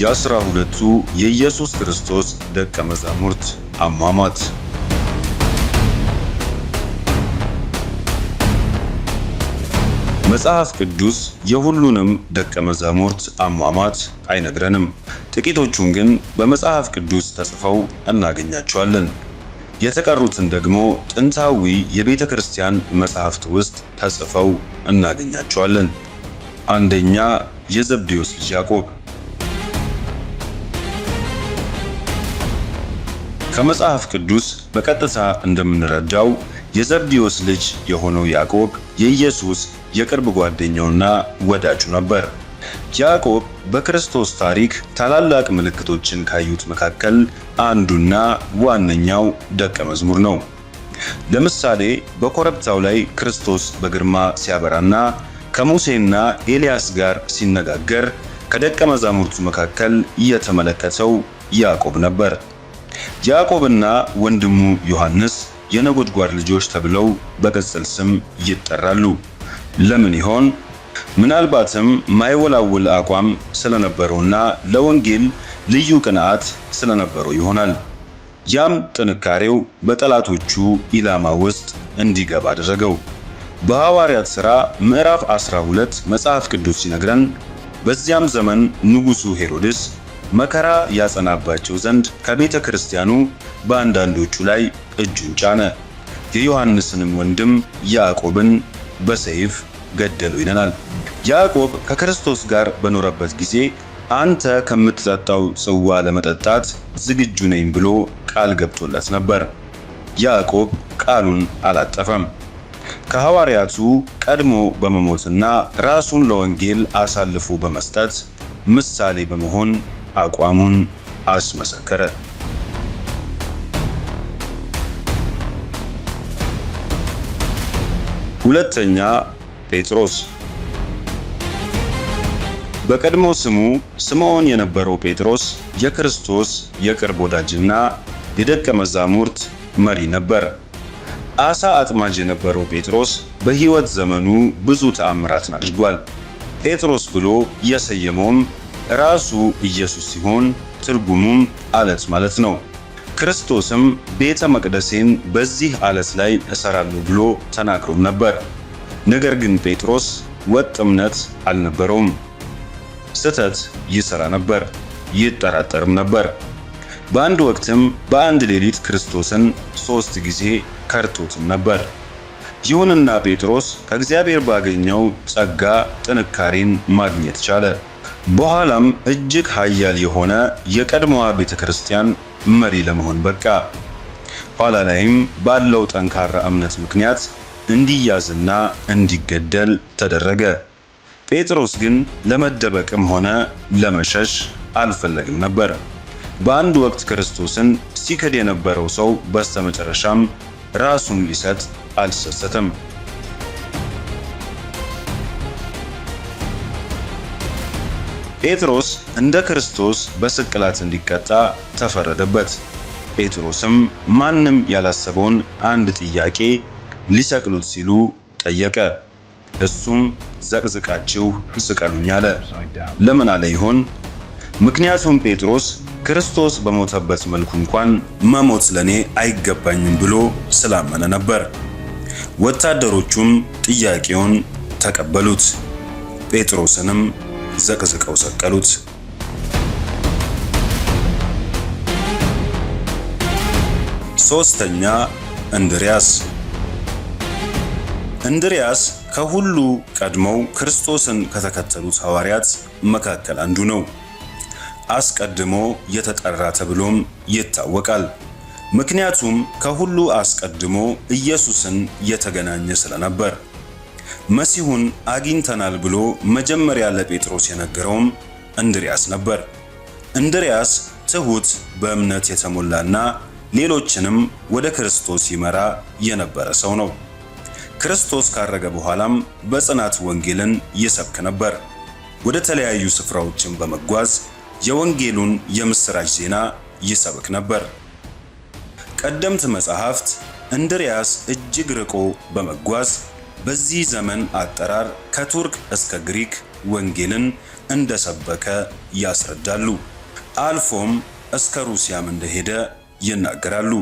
የአስራ ሁለቱ የኢየሱስ ክርስቶስ ደቀ መዛሙርት አሟሟት። መጽሐፍ ቅዱስ የሁሉንም ደቀ መዛሙርት አሟሟት አይነግረንም። ጥቂቶቹን ግን በመጽሐፍ ቅዱስ ተጽፈው እናገኛቸዋለን። የተቀሩትን ደግሞ ጥንታዊ የቤተ ክርስቲያን መጽሐፍት ውስጥ ተጽፈው እናገኛቸዋለን። አንደኛ የዘብዴዎስ ልጅ ያዕቆብ ከመጽሐፍ ቅዱስ በቀጥታ እንደምንረዳው የዘብዴዎስ ልጅ የሆነው ያዕቆብ የኢየሱስ የቅርብ ጓደኛውና ወዳጁ ነበር። ያዕቆብ በክርስቶስ ታሪክ ታላላቅ ምልክቶችን ካዩት መካከል አንዱና ዋነኛው ደቀ መዝሙር ነው። ለምሳሌ በኮረብታው ላይ ክርስቶስ በግርማ ሲያበራና ከሙሴና ኤልያስ ጋር ሲነጋገር ከደቀ መዛሙርቱ መካከል የተመለከተው ያዕቆብ ነበር። ያዕቆብና ወንድሙ ዮሐንስ የነጎድጓድ ልጆች ተብለው በቅጽል ስም ይጠራሉ። ለምን ይሆን? ምናልባትም ማይወላውል አቋም ስለነበረውና ለወንጌል ልዩ ቅንዓት ስለነበረው ይሆናል። ያም ጥንካሬው በጠላቶቹ ኢላማ ውስጥ እንዲገባ አደረገው። በሐዋርያት ሥራ ምዕራፍ 12 መጽሐፍ ቅዱስ ሲነግረን በዚያም ዘመን ንጉሡ ሄሮድስ መከራ ያጸናባቸው ዘንድ ከቤተ ክርስቲያኑ በአንዳንዶቹ ላይ እጁን ጫነ። የዮሐንስንም ወንድም ያዕቆብን በሰይፍ ገደሉ ይለናል። ያዕቆብ ከክርስቶስ ጋር በኖረበት ጊዜ አንተ ከምትጠጣው ጽዋ ለመጠጣት ዝግጁ ነኝ ብሎ ቃል ገብቶለት ነበር። ያዕቆብ ቃሉን አላጠፈም። ከሐዋርያቱ ቀድሞ በመሞትና ራሱን ለወንጌል አሳልፎ በመስጠት ምሳሌ በመሆን አቋሙን አስመሰከረ። ሁለተኛ ጴጥሮስ በቀድሞ ስሙ ስምዖን የነበረው ጴጥሮስ የክርስቶስ የቅርብ ወዳጅና የደቀ መዛሙርት መሪ ነበር። አሳ አጥማጅ የነበረው ጴጥሮስ በሕይወት ዘመኑ ብዙ ተአምራትን አድርጓል። ጴጥሮስ ብሎ የሰየመውም ራሱ ኢየሱስ ሲሆን ትርጉሙም አለት ማለት ነው። ክርስቶስም ቤተ መቅደሴን በዚህ አለት ላይ እሰራለሁ ብሎ ተናግሮም ነበር። ነገር ግን ጴጥሮስ ወጥ እምነት አልነበረውም። ስህተት ይሰራ ነበር፣ ይጠራጠርም ነበር። በአንድ ወቅትም በአንድ ሌሊት ክርስቶስን ሦስት ጊዜ ከርቶትም ነበር። ይሁንና ጴጥሮስ ከእግዚአብሔር ባገኘው ጸጋ ጥንካሬን ማግኘት ቻለ። በኋላም እጅግ ኃያል የሆነ የቀድሞዋ ቤተ ክርስቲያን መሪ ለመሆን በቃ። ኋላ ላይም ባለው ጠንካራ እምነት ምክንያት እንዲያዝና እንዲገደል ተደረገ። ጴጥሮስ ግን ለመደበቅም ሆነ ለመሸሽ አልፈለግም ነበር። በአንድ ወቅት ክርስቶስን ሲክድ የነበረው ሰው በስተመጨረሻም ራሱን ሊሰጥ አልሰሰተም። ጴጥሮስ እንደ ክርስቶስ በስቅላት እንዲቀጣ ተፈረደበት። ጴጥሮስም ማንም ያላሰበውን አንድ ጥያቄ ሊሰቅሉት ሲሉ ጠየቀ። እሱም ዘቅዝቃችሁ ስቀሉኝ አለ። ለምን አለ ይሆን? ምክንያቱም ጴጥሮስ ክርስቶስ በሞተበት መልኩ እንኳን መሞት ለኔ አይገባኝም ብሎ ስላመነ ነበር። ወታደሮቹም ጥያቄውን ተቀበሉት፣ ጴጥሮስንም ዘቅዝቀው ሰቀሉት። ሶስተኛ እንድሪያስ እንድሪያስ ከሁሉ ቀድመው ክርስቶስን ከተከተሉት ሐዋርያት መካከል አንዱ ነው። አስቀድሞ የተጠራ ተብሎም ይታወቃል። ምክንያቱም ከሁሉ አስቀድሞ ኢየሱስን የተገናኘ ስለነበር። መሲሁን አግኝተናል ብሎ መጀመሪያ ለጴጥሮስ የነገረውም እንድሪያስ ነበር። እንድሪያስ ትሁት፣ በእምነት የተሞላና ሌሎችንም ወደ ክርስቶስ ይመራ የነበረ ሰው ነው። ክርስቶስ ካረገ በኋላም በጽናት ወንጌልን ይሰብክ ነበር። ወደ ተለያዩ ስፍራዎችን በመጓዝ የወንጌሉን የምስራች ዜና ይሰብክ ነበር። ቀደምት መጻሕፍት እንድሪያስ እጅግ ርቆ በመጓዝ በዚህ ዘመን አጠራር ከቱርክ እስከ ግሪክ ወንጌልን እንደሰበከ ያስረዳሉ። አልፎም እስከ ሩሲያም እንደሄደ ይናገራሉ።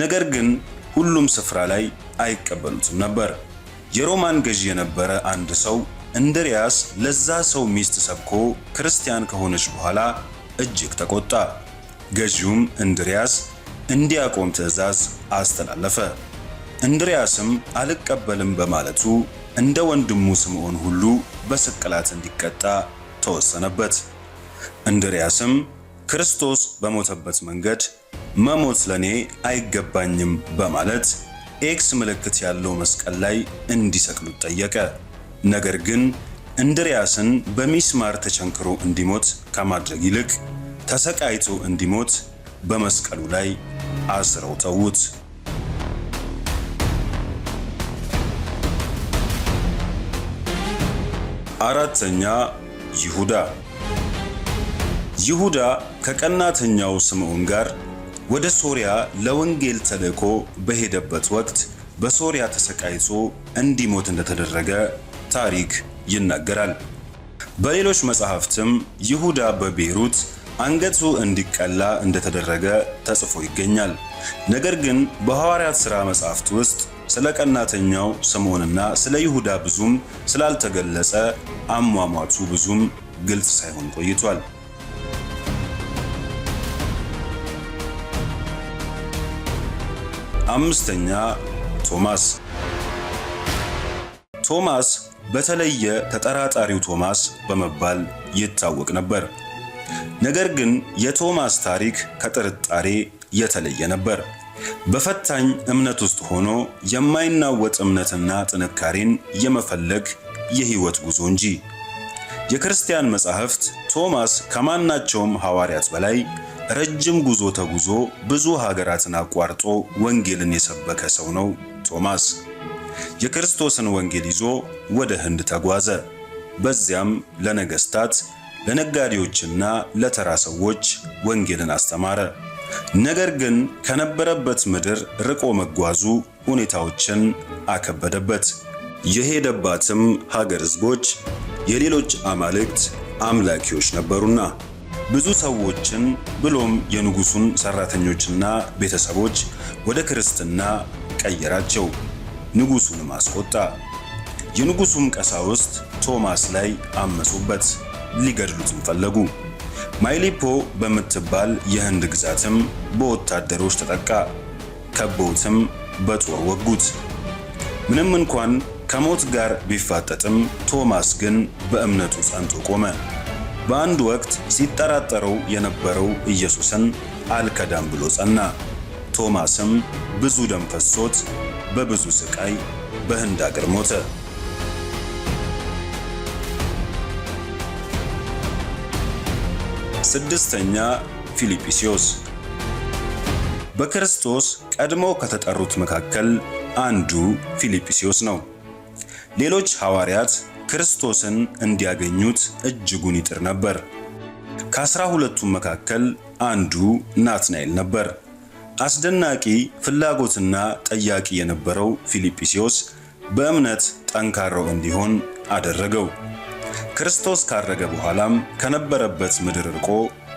ነገር ግን ሁሉም ስፍራ ላይ አይቀበሉትም ነበር። የሮማን ገዢ የነበረ አንድ ሰው እንድሪያስ ለዛ ሰው ሚስት ሰብኮ ክርስቲያን ከሆነች በኋላ እጅግ ተቆጣ። ገዢውም እንድሪያስ እንዲያቆም ትእዛዝ አስተላለፈ። እንድሪያስም አልቀበልም በማለቱ እንደ ወንድሙ ስምዖን ሁሉ በስቅላት እንዲቀጣ ተወሰነበት። እንድሪያስም ክርስቶስ በሞተበት መንገድ መሞት ለኔ አይገባኝም በማለት ኤክስ ምልክት ያለው መስቀል ላይ እንዲሰቅሉት ጠየቀ። ነገር ግን እንድሪያስን በሚስማር ተቸንክሮ እንዲሞት ከማድረግ ይልቅ ተሰቃይቶ እንዲሞት በመስቀሉ ላይ አስረው ተዉት። አራተኛ ይሁዳ ይሁዳ ከቀናተኛው ስምዖን ጋር ወደ ሶሪያ ለወንጌል ተልእኮ በሄደበት ወቅት በሶሪያ ተሰቃይቶ እንዲሞት እንደተደረገ ታሪክ ይናገራል። በሌሎች መጽሐፍትም ይሁዳ በቤሩት አንገቱ እንዲቀላ እንደተደረገ ተጽፎ ይገኛል። ነገር ግን በሐዋርያት ሥራ መጽሐፍት ውስጥ ስለ ቀናተኛው ስምዖንና ስለ ይሁዳ ብዙም ስላልተገለጸ አሟሟቱ ብዙም ግልጽ ሳይሆን ቆይቷል። አምስተኛ ቶማስ ቶማስ በተለየ ተጠራጣሪው ቶማስ በመባል ይታወቅ ነበር። ነገር ግን የቶማስ ታሪክ ከጥርጣሬ የተለየ ነበር። በፈታኝ እምነት ውስጥ ሆኖ የማይናወጥ እምነትና ጥንካሬን የመፈለግ የህይወት ጉዞ እንጂ። የክርስቲያን መጻሕፍት ቶማስ ከማናቸውም ሐዋርያት በላይ ረጅም ጉዞ ተጉዞ ብዙ ሀገራትን አቋርጦ ወንጌልን የሰበከ ሰው ነው። ቶማስ የክርስቶስን ወንጌል ይዞ ወደ ህንድ ተጓዘ። በዚያም ለነገስታት፣ ለነጋዴዎችና ለተራ ሰዎች ወንጌልን አስተማረ። ነገር ግን ከነበረበት ምድር ርቆ መጓዙ ሁኔታዎችን አከበደበት። የሄደባትም ሀገር ሕዝቦች የሌሎች አማልክት አምላኪዎች ነበሩና ብዙ ሰዎችን ብሎም የንጉሱን ሰራተኞችና ቤተሰቦች ወደ ክርስትና ቀየራቸው፣ ንጉሱንም አስቆጣ። የንጉሱም ቀሳውስት ቶማስ ላይ አመጹበት፣ ሊገድሉትም ፈለጉ። ማይሊፖ በምትባል የህንድ ግዛትም በወታደሮች ተጠቃ። ከበውትም በጦር ወጉት። ምንም እንኳን ከሞት ጋር ቢፋጠጥም ቶማስ ግን በእምነቱ ጸንቶ ቆመ። በአንድ ወቅት ሲጠራጠረው የነበረው ኢየሱስን አልከዳም ብሎ ጸና። ቶማስም ብዙ ደም ፈሶት በብዙ ስቃይ በህንድ አገር ሞተ። ስድስተኛ ፊልጵስዩስ በክርስቶስ ቀድሞ ከተጠሩት መካከል አንዱ ፊልጵስዩስ ነው። ሌሎች ሐዋርያት ክርስቶስን እንዲያገኙት እጅጉን ይጥር ነበር። ከአስራ ሁለቱም መካከል አንዱ ናትናኤል ነበር። አስደናቂ ፍላጎትና ጠያቂ የነበረው ፊልጵስዩስ በእምነት ጠንካራው እንዲሆን አደረገው። ክርስቶስ ካረገ በኋላም ከነበረበት ምድር ርቆ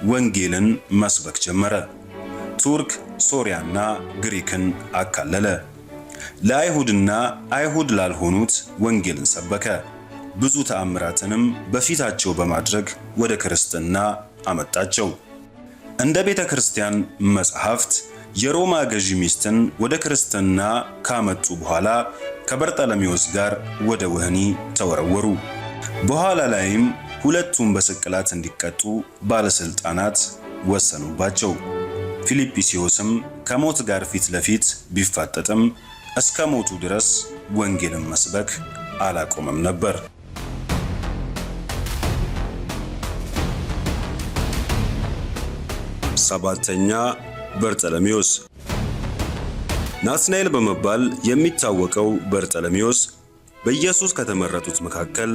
ወንጌልን መስበክ ጀመረ። ቱርክ፣ ሶሪያና ግሪክን አካለለ። ለአይሁድና አይሁድ ላልሆኑት ወንጌልን ሰበከ። ብዙ ተአምራትንም በፊታቸው በማድረግ ወደ ክርስትና አመጣቸው። እንደ ቤተ ክርስቲያን መጽሐፍት የሮማ ገዢ ሚስትን ወደ ክርስትና ካመጡ በኋላ ከበርጠለሜዎስ ጋር ወደ ወህኒ ተወረወሩ። በኋላ ላይም ሁለቱም በስቅላት እንዲቀጡ ባለስልጣናት ወሰኑባቸው። ፊልጵስዮስም ከሞት ጋር ፊት ለፊት ቢፋጠጥም እስከ ሞቱ ድረስ ወንጌልን መስበክ አላቆመም ነበር። ሰባተኛ በርጠለሜዎስ ናትናኤል በመባል የሚታወቀው በርጠለሜዎስ በኢየሱስ ከተመረጡት መካከል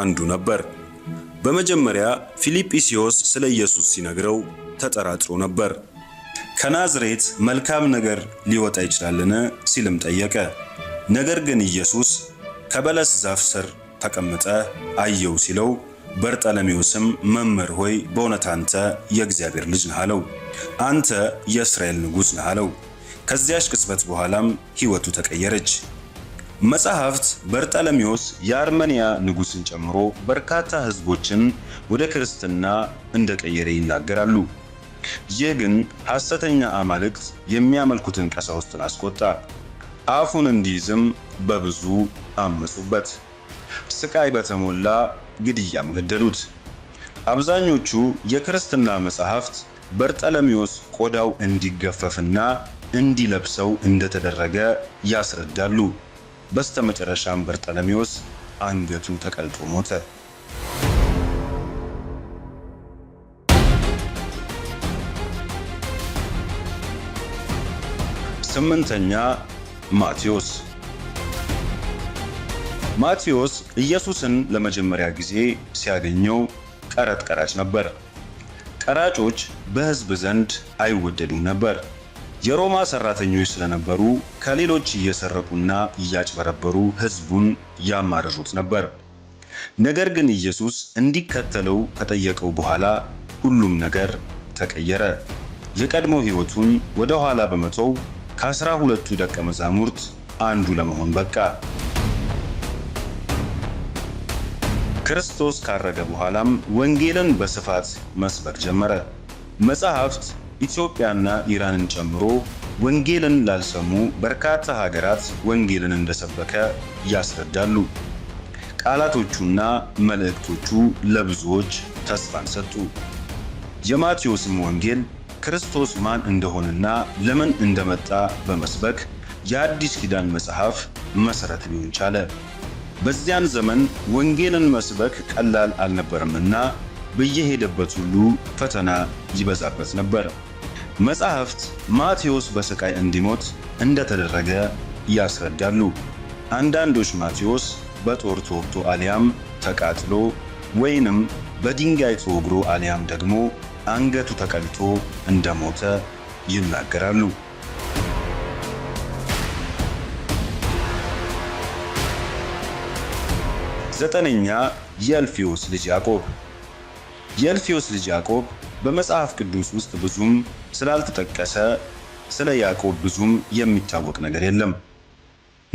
አንዱ ነበር። በመጀመሪያ ፊልጵስዮስ ስለ ኢየሱስ ሲነግረው ተጠራጥሮ ነበር። ከናዝሬት መልካም ነገር ሊወጣ ይችላልን? ሲልም ጠየቀ። ነገር ግን ኢየሱስ ከበለስ ዛፍ ስር ተቀምጠ አየው ሲለው በርጠለሜዎስም መምህር ሆይ በእውነት አንተ የእግዚአብሔር ልጅ ነህ አለው። አንተ የእስራኤል ንጉሥ ነህ አለው። ከዚያች ቅጽበት በኋላም ሕይወቱ ተቀየረች። መጽሐፍት በርጠለሚዎስ የአርመንያ ንጉሥን ጨምሮ በርካታ ሕዝቦችን ወደ ክርስትና እንደቀየረ ይናገራሉ። ይህ ግን ሐሰተኛ አማልክት የሚያመልኩትን ቀሳውስትን አስቆጣ። አፉን እንዲይዝም በብዙ አመጹበት። ስቃይ በተሞላ ግድያም ገደሉት። አብዛኞቹ የክርስትና መጽሐፍት በርጠለሜዎስ ቆዳው እንዲገፈፍና እንዲለብሰው እንደተደረገ ያስረዳሉ። በስተመጨረሻም በርጠለሚዎስ አንገቱ ተቀልጦ ሞተ። ስምንተኛ ማቴዎስ። ማቴዎስ ኢየሱስን ለመጀመሪያ ጊዜ ሲያገኘው ቀረጥ ቀራጭ ነበር። ቀራጮች በሕዝብ ዘንድ አይወደዱም ነበር። የሮማ ሰራተኞች ስለነበሩ ከሌሎች እየሰረቁና እያጭበረበሩ ህዝቡን ያማረሩት ነበር። ነገር ግን ኢየሱስ እንዲከተለው ከጠየቀው በኋላ ሁሉም ነገር ተቀየረ። የቀድሞ ህይወቱን ወደ ኋላ በመተው ከአስራ ሁለቱ ደቀ መዛሙርት አንዱ ለመሆን በቃ። ክርስቶስ ካረገ በኋላም ወንጌልን በስፋት መስበክ ጀመረ። መጽሐፍት ኢትዮጵያና ኢራንን ጨምሮ ወንጌልን ላልሰሙ በርካታ ሀገራት ወንጌልን እንደሰበከ ያስረዳሉ። ቃላቶቹና መልእክቶቹ ለብዙዎች ተስፋን ሰጡ። የማቴዎስም ወንጌል ክርስቶስ ማን እንደሆነና ለምን እንደመጣ በመስበክ የአዲስ ኪዳን መጽሐፍ መሠረት ሊሆን ቻለ። በዚያን ዘመን ወንጌልን መስበክ ቀላል አልነበረምና በየሄደበት ሁሉ ፈተና ይበዛበት ነበር። መጻሕፍት ማቴዎስ በስቃይ እንዲሞት እንደተደረገ ያስረዳሉ። አንዳንዶች ማቴዎስ በጦር ተወግቶ አሊያም ተቃጥሎ ወይንም በድንጋይ ተወግሮ አሊያም ደግሞ አንገቱ ተቀልቶ እንደሞተ ይናገራሉ። ዘጠነኛ የእልፌዎስ ልጅ ያዕቆብ የእልፌዎስ ልጅ ያዕቆብ በመጽሐፍ ቅዱስ ውስጥ ብዙም ስላልተጠቀሰ ስለ ያዕቆብ ብዙም የሚታወቅ ነገር የለም።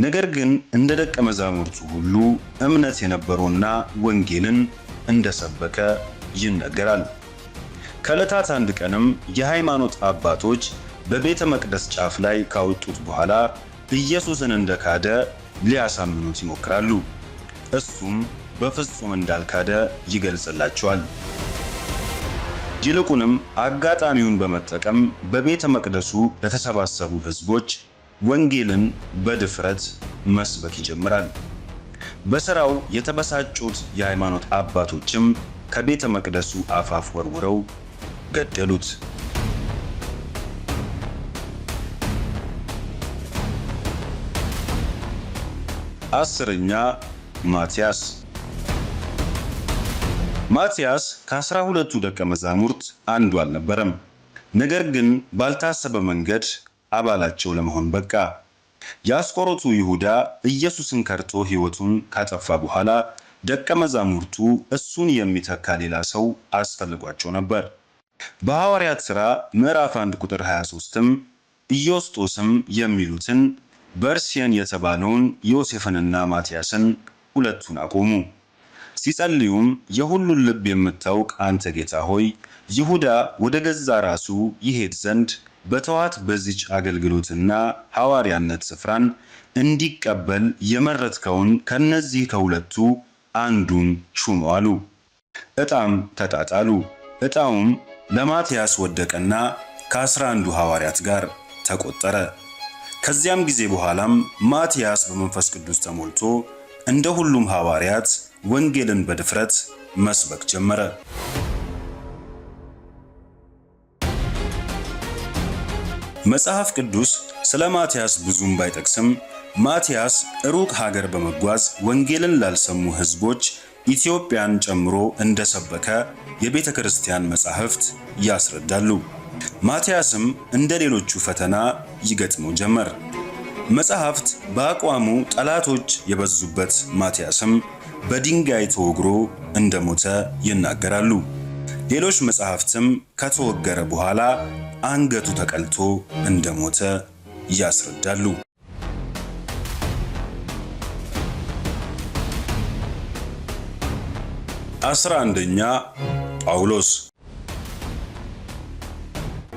ነገር ግን እንደ ደቀ መዛሙርቱ ሁሉ እምነት የነበረውና ወንጌልን እንደሰበከ ይነገራል። ከዕለታት አንድ ቀንም የሃይማኖት አባቶች በቤተ መቅደስ ጫፍ ላይ ካወጡት በኋላ ኢየሱስን እንደካደ ሊያሳምኑት ይሞክራሉ። እሱም በፍጹም እንዳልካደ ይገልጽላቸዋል። ይልቁንም አጋጣሚውን በመጠቀም በቤተ መቅደሱ ለተሰባሰቡ ህዝቦች ወንጌልን በድፍረት መስበክ ይጀምራል። በሥራው የተበሳጩት የሃይማኖት አባቶችም ከቤተ መቅደሱ አፋፍ ወርውረው ገደሉት። አስረኛ ማቲያስ ማቲያስ ከአስራ ሁለቱ ደቀ መዛሙርት አንዱ አልነበረም። ነገር ግን ባልታሰበ መንገድ አባላቸው ለመሆን በቃ። የአስቆሮቱ ይሁዳ ኢየሱስን ከርቶ ሕይወቱን ካጠፋ በኋላ ደቀ መዛሙርቱ እሱን የሚተካ ሌላ ሰው አስፈልጓቸው ነበር። በሐዋርያት ሥራ ምዕራፍ 1 ቁጥር 23ም ኢዮስጦስም የሚሉትን በርሲየን የተባለውን ዮሴፍንና ማቲያስን ሁለቱን አቆሙ። ሲጸልዩም የሁሉን ልብ የምታውቅ አንተ ጌታ ሆይ ይሁዳ ወደ ገዛ ራሱ ይሄድ ዘንድ በተዋት በዚች አገልግሎትና ሐዋርያነት ስፍራን እንዲቀበል የመረጥከውን ከነዚህ ከሁለቱ አንዱን ሹሙ አሉ። ዕጣም ተጣጣሉ። ዕጣውም ለማትያስ ወደቀና ከአስራ አንዱ ሐዋርያት ጋር ተቆጠረ። ከዚያም ጊዜ በኋላም ማትያስ በመንፈስ ቅዱስ ተሞልቶ እንደ ሁሉም ሐዋርያት ወንጌልን በድፍረት መስበክ ጀመረ። መጽሐፍ ቅዱስ ስለ ማቲያስ ብዙም ባይጠቅስም ማቲያስ ሩቅ ሀገር በመጓዝ ወንጌልን ላልሰሙ ሕዝቦች ኢትዮጵያን ጨምሮ እንደሰበከ የቤተ ክርስቲያን መጻሕፍት ያስረዳሉ። ማቲያስም እንደ ሌሎቹ ፈተና ይገጥመው ጀመር። መጻሕፍት በአቋሙ ጠላቶች የበዙበት ማቲያስም በድንጋይ ተወግሮ እንደሞተ ይናገራሉ። ሌሎች መጽሐፍትም ከተወገረ በኋላ አንገቱ ተቀልቶ እንደሞተ ያስረዳሉ። አስራ አንደኛ ጳውሎስ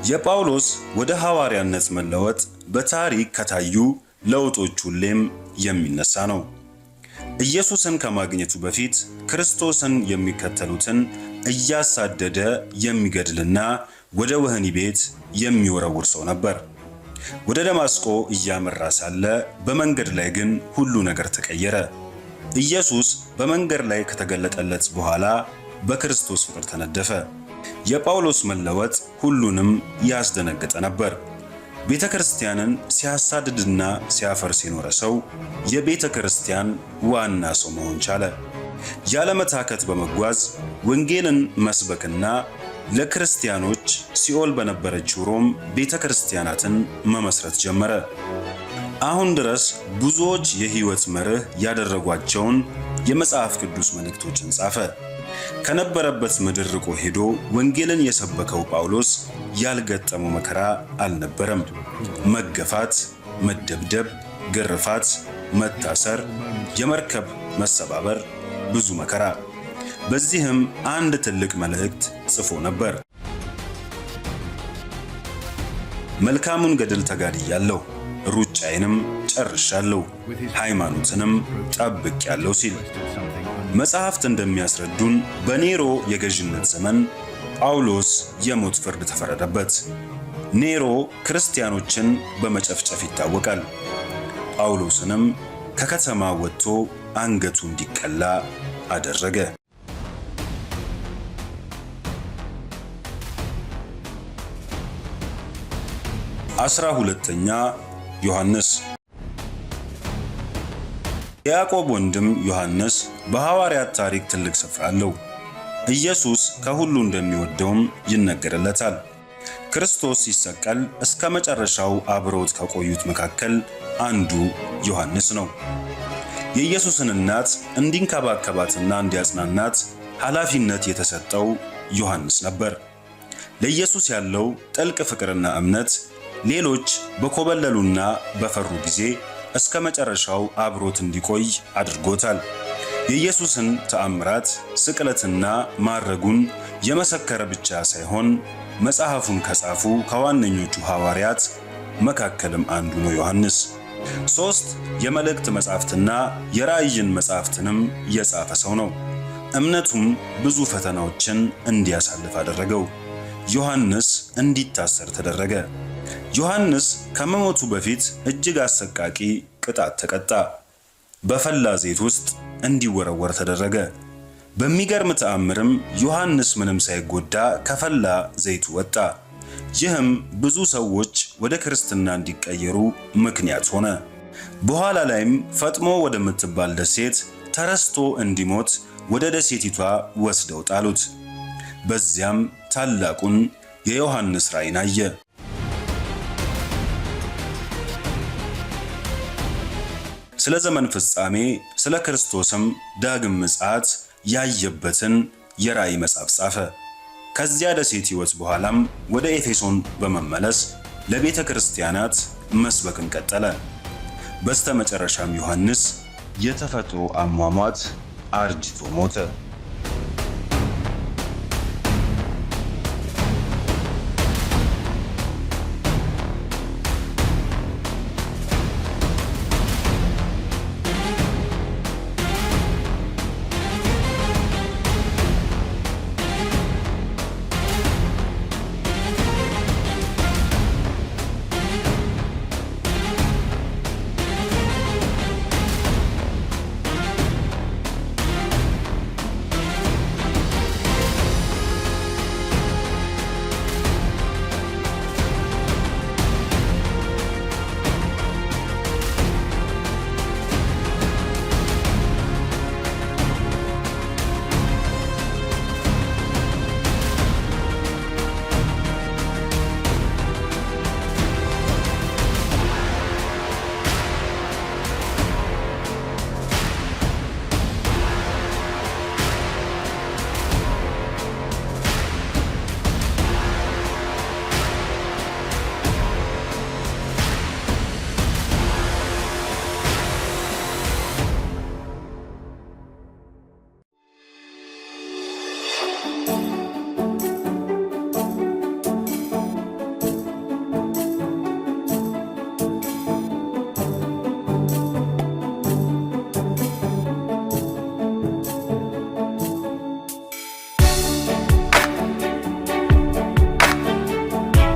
የጳውሎስ ወደ ሐዋርያነት መለወጥ በታሪክ ከታዩ ለውጦች ሁሌም የሚነሳ ነው። ኢየሱስን ከማግኘቱ በፊት ክርስቶስን የሚከተሉትን እያሳደደ የሚገድልና ወደ ወህኒ ቤት የሚወረውር ሰው ነበር። ወደ ደማስቆ እያመራ ሳለ በመንገድ ላይ ግን ሁሉ ነገር ተቀየረ። ኢየሱስ በመንገድ ላይ ከተገለጠለት በኋላ በክርስቶስ ፍቅር ተነደፈ። የጳውሎስ መለወጥ ሁሉንም ያስደነገጠ ነበር። ቤተ ክርስቲያንን ሲያሳድድና ሲያፈርስ የኖረ ሰው የቤተ ክርስቲያን ዋና ሰው መሆን ቻለ። ያለመታከት በመጓዝ ወንጌልን መስበክና ለክርስቲያኖች ሲኦል በነበረችው ሮም ቤተ ክርስቲያናትን መመስረት ጀመረ። አሁን ድረስ ብዙዎች የሕይወት መርህ ያደረጓቸውን የመጽሐፍ ቅዱስ መልእክቶችን ጻፈ። ከነበረበት ምድር ርቆ ሄዶ ወንጌልን የሰበከው ጳውሎስ ያልገጠመው መከራ አልነበረም። መገፋት፣ መደብደብ፣ ግርፋት፣ መታሰር፣ የመርከብ መሰባበር፣ ብዙ መከራ። በዚህም አንድ ትልቅ መልእክት ጽፎ ነበር። መልካሙን ገድል ተጋድያለሁ፣ ሩጫዬንም ጨርሻለሁ፣ ሃይማኖትንም ጠብቅ ያለው ሲል መጽሐፍት እንደሚያስረዱን በኔሮ የገዥነት ዘመን ጳውሎስ የሞት ፍርድ ተፈረደበት። ኔሮ ክርስቲያኖችን በመጨፍጨፍ ይታወቃል። ጳውሎስንም ከከተማ ወጥቶ አንገቱ እንዲቀላ አደረገ። አስራ ሁለተኛ ዮሐንስ የያዕቆብ ወንድም ዮሐንስ በሐዋርያት ታሪክ ትልቅ ስፍራ አለው። ኢየሱስ ከሁሉ እንደሚወደውም ይነገርለታል። ክርስቶስ ሲሰቀል እስከ መጨረሻው አብረውት ከቆዩት መካከል አንዱ ዮሐንስ ነው። የኢየሱስን እናት እንዲንከባከባትና እንዲያጽናናት ኃላፊነት የተሰጠው ዮሐንስ ነበር። ለኢየሱስ ያለው ጥልቅ ፍቅርና እምነት ሌሎች በኮበለሉና በፈሩ ጊዜ እስከ መጨረሻው አብሮት እንዲቆይ አድርጎታል። የኢየሱስን ተአምራት ስቅለትና ማረጉን የመሰከረ ብቻ ሳይሆን መጽሐፉን ከጻፉ ከዋነኞቹ ሐዋርያት መካከልም አንዱ ነው ዮሐንስ። ሦስት የመልእክት መጻሕፍትና የራእይን መጻሕፍትንም የጻፈ ሰው ነው። እምነቱም ብዙ ፈተናዎችን እንዲያሳልፍ አደረገው። ዮሐንስ እንዲታሰር ተደረገ። ዮሐንስ ከመሞቱ በፊት እጅግ አሰቃቂ ቅጣት ተቀጣ። በፈላ ዘይት ውስጥ እንዲወረወር ተደረገ። በሚገርም ተአምርም ዮሐንስ ምንም ሳይጎዳ ከፈላ ዘይቱ ወጣ። ይህም ብዙ ሰዎች ወደ ክርስትና እንዲቀየሩ ምክንያት ሆነ። በኋላ ላይም ፈጥሞ ወደምትባል ደሴት ተረስቶ እንዲሞት ወደ ደሴቲቷ ወስደው ጣሉት። በዚያም ታላቁን የዮሐንስ ራእይን አየ። ስለ ዘመን ፍጻሜ፣ ስለ ክርስቶስም ዳግም ምጽአት ያየበትን የራእይ መጽሐፍ ጻፈ። ከዚያ ደሴት ሕይወት በኋላም ወደ ኤፌሶን በመመለስ ለቤተ ክርስቲያናት መስበክን ቀጠለ። በስተመጨረሻም ዮሐንስ የተፈጥሮ አሟሟት አርጅቶ ሞተ።